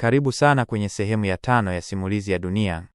Karibu sana kwenye sehemu ya tano ya simulizi ya dunia,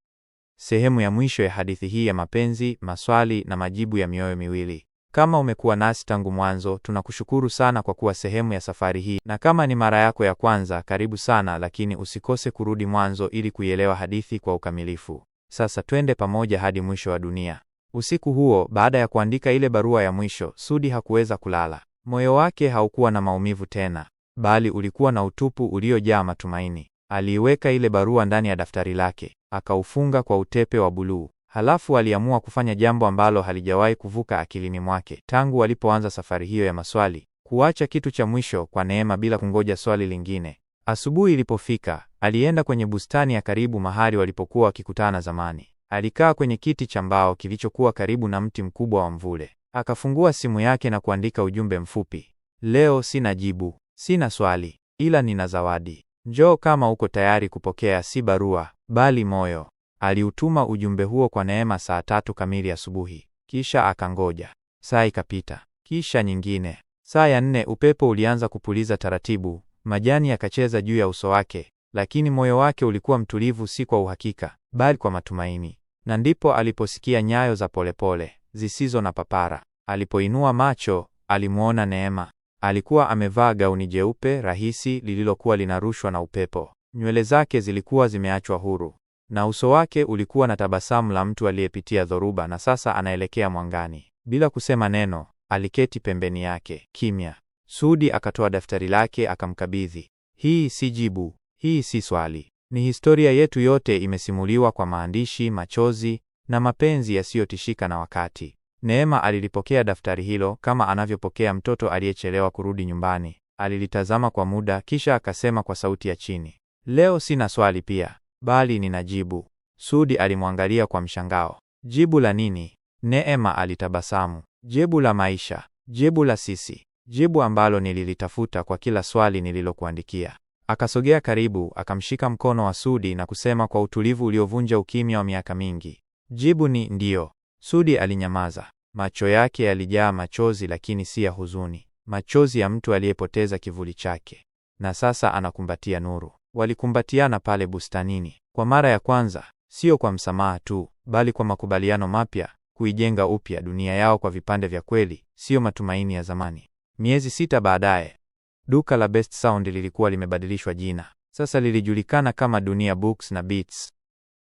sehemu ya mwisho ya hadithi hii ya mapenzi, maswali na majibu ya mioyo miwili. Kama umekuwa nasi tangu mwanzo, tunakushukuru sana kwa kuwa sehemu ya safari hii, na kama ni mara yako ya kwanza, karibu sana, lakini usikose kurudi mwanzo ili kuielewa hadithi kwa ukamilifu. Sasa twende pamoja hadi mwisho wa dunia. Usiku huo, baada ya kuandika ile barua ya mwisho, Sudi hakuweza kulala. Moyo wake haukuwa na maumivu tena, bali ulikuwa na utupu uliojaa matumaini. Aliiweka ile barua ndani ya daftari lake, akaufunga kwa utepe wa buluu. Halafu aliamua kufanya jambo ambalo halijawahi kuvuka akilini mwake tangu walipoanza safari hiyo ya maswali, kuacha kitu cha mwisho kwa Neema bila kungoja swali lingine. Asubuhi ilipofika, alienda kwenye bustani ya karibu mahali walipokuwa wakikutana zamani. Alikaa kwenye kiti cha mbao kilichokuwa karibu na mti mkubwa wa mvule. Akafungua simu yake na kuandika ujumbe mfupi: leo sina jibu, sina swali, ila nina zawadi. Njoo kama uko tayari kupokea si barua, bali moyo. Aliutuma ujumbe huo kwa Neema saa tatu kamili asubuhi, kisha akangoja. Saa ikapita, kisha nyingine. Saa ya nne upepo ulianza kupuliza taratibu, majani yakacheza juu ya uso wake, lakini moyo wake ulikuwa mtulivu, si kwa uhakika, bali kwa matumaini. Na ndipo aliposikia nyayo za polepole pole, zisizo na papara. Alipoinua macho, alimwona Neema. Alikuwa amevaa gauni jeupe rahisi lililokuwa linarushwa na upepo. Nywele zake zilikuwa zimeachwa huru, na uso wake ulikuwa na tabasamu la mtu aliyepitia dhoruba na sasa anaelekea mwangani. Bila kusema neno, aliketi pembeni yake kimya. Sudi akatoa daftari lake akamkabidhi. Hii si jibu, hii si swali, ni historia yetu yote imesimuliwa kwa maandishi, machozi na mapenzi yasiyotishika na wakati. Neema alilipokea daftari hilo kama anavyopokea mtoto aliyechelewa kurudi nyumbani. Alilitazama kwa muda, kisha akasema kwa sauti ya chini, leo sina swali pia, bali nina jibu. Sudi alimwangalia kwa mshangao. Jibu la nini? Neema alitabasamu. Jibu la maisha, jibu la sisi, jibu ambalo nililitafuta kwa kila swali nililokuandikia. Akasogea karibu, akamshika mkono wa Sudi na kusema kwa utulivu uliovunja ukimya wa miaka mingi, jibu ni ndio. Sudi alinyamaza. Macho yake yalijaa machozi, lakini si ya huzuni, machozi ya mtu aliyepoteza kivuli chake na sasa anakumbatia nuru. Walikumbatiana pale bustanini kwa mara ya kwanza, sio kwa msamaha tu, bali kwa makubaliano mapya, kuijenga upya dunia yao kwa vipande vya kweli, sio matumaini ya zamani. Miezi sita baadaye, duka la Best Sound lilikuwa limebadilishwa jina. Sasa lilijulikana kama Dunia Books na Beats,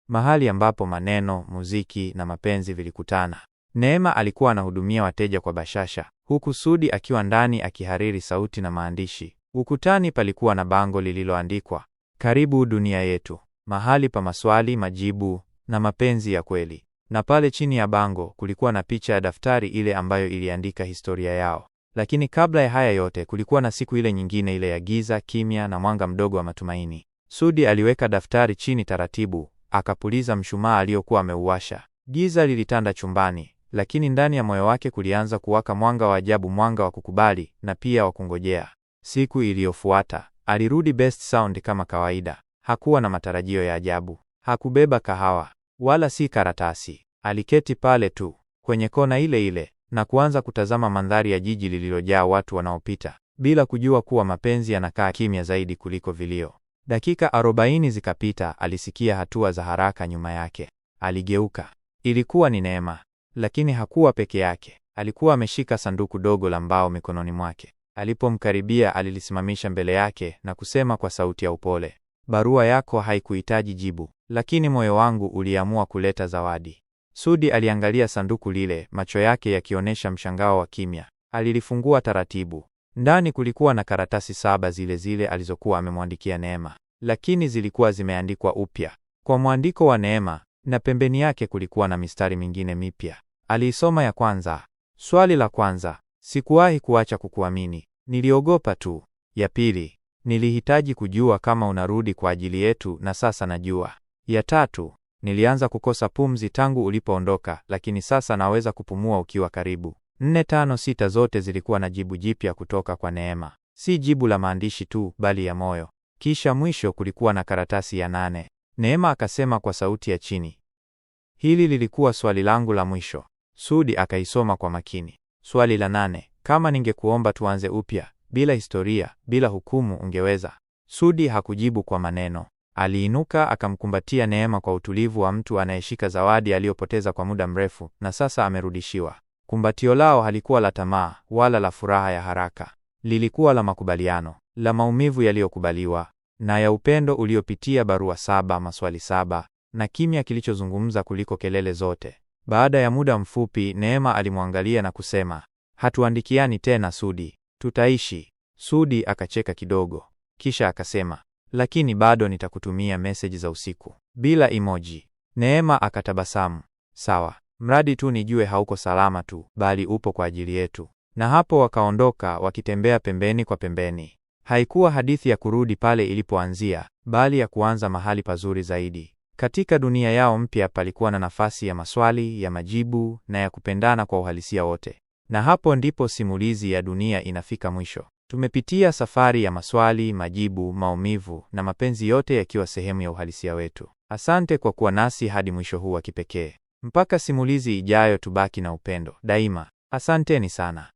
mahali ambapo maneno, muziki na mapenzi vilikutana. Neema alikuwa anahudumia wateja kwa bashasha, huku Sudi akiwa ndani akihariri sauti na maandishi. Ukutani palikuwa na bango lililoandikwa, karibu dunia yetu, mahali pa maswali, majibu na mapenzi ya kweli. Na pale chini ya bango kulikuwa na picha ya daftari ile ambayo iliandika historia yao. Lakini kabla ya haya yote, kulikuwa na siku ile nyingine, ile ya giza, kimya na mwanga mdogo wa matumaini. Sudi aliweka daftari chini taratibu, akapuliza mshumaa aliyokuwa ameuwasha. Giza lilitanda chumbani lakini ndani ya moyo wake kulianza kuwaka mwanga wa ajabu, mwanga wa kukubali na pia wa kungojea. Siku iliyofuata alirudi Best Sound kama kawaida. Hakuwa na matarajio ya ajabu, hakubeba kahawa wala si karatasi. Aliketi pale tu kwenye kona ile ile na kuanza kutazama mandhari ya jiji lililojaa watu wanaopita, bila kujua kuwa mapenzi yanakaa kimya zaidi kuliko vilio. Dakika arobaini zikapita, alisikia hatua za haraka nyuma yake. Aligeuka, ilikuwa ni Neema. Lakini hakuwa peke yake. Alikuwa ameshika sanduku dogo la mbao mikononi mwake. Alipomkaribia, alilisimamisha mbele yake na kusema kwa sauti ya upole, barua yako haikuhitaji jibu, lakini moyo wangu uliamua kuleta zawadi. Sudi aliangalia sanduku lile, macho yake yakionyesha mshangao wa kimya. Alilifungua taratibu. Ndani kulikuwa na karatasi saba, zile zile alizokuwa amemwandikia Neema, lakini zilikuwa zimeandikwa upya kwa mwandiko wa Neema, na pembeni yake kulikuwa na mistari mingine mipya. Aliisoma ya kwanza. Swali la kwanza, sikuwahi kuacha kukuamini, niliogopa tu. Ya pili, nilihitaji kujua kama unarudi kwa ajili yetu, na sasa najua. Ya tatu, nilianza kukosa pumzi tangu ulipoondoka, lakini sasa naweza kupumua ukiwa karibu. Nne, tano, sita zote zilikuwa na jibu jipya kutoka kwa Neema, si jibu la maandishi tu, bali ya moyo. Kisha mwisho kulikuwa na karatasi ya nane. Neema akasema kwa sauti ya chini, hili lilikuwa swali langu la mwisho, Sudi akaisoma kwa makini. Swali la nane: kama ningekuomba tuanze upya bila historia, bila hukumu, ungeweza? Sudi hakujibu kwa maneno. Aliinuka akamkumbatia Neema kwa utulivu wa mtu anayeshika zawadi aliyopoteza kwa muda mrefu na sasa amerudishiwa. Kumbatio lao halikuwa la tamaa wala la furaha ya haraka, lilikuwa la makubaliano, la maumivu yaliyokubaliwa na ya upendo uliopitia barua saba, maswali saba, na kimya kilichozungumza kuliko kelele zote. Baada ya muda mfupi, Neema alimwangalia na kusema, hatuandikiani tena Sudi, tutaishi. Sudi akacheka kidogo, kisha akasema, lakini bado nitakutumia meseji za usiku bila emoji. Neema akatabasamu, sawa, mradi tu nijue hauko salama tu, bali upo kwa ajili yetu. Na hapo wakaondoka wakitembea pembeni kwa pembeni. Haikuwa hadithi ya kurudi pale ilipoanzia, bali ya kuanza mahali pazuri zaidi. Katika dunia yao mpya palikuwa na nafasi ya maswali, ya majibu na ya kupendana kwa uhalisia wote. Na hapo ndipo simulizi ya dunia inafika mwisho. Tumepitia safari ya maswali, majibu, maumivu na mapenzi, yote yakiwa sehemu ya uhalisia wetu. Asante kwa kuwa nasi hadi mwisho huu wa kipekee. Mpaka simulizi ijayo, tubaki na upendo daima. Asanteni sana.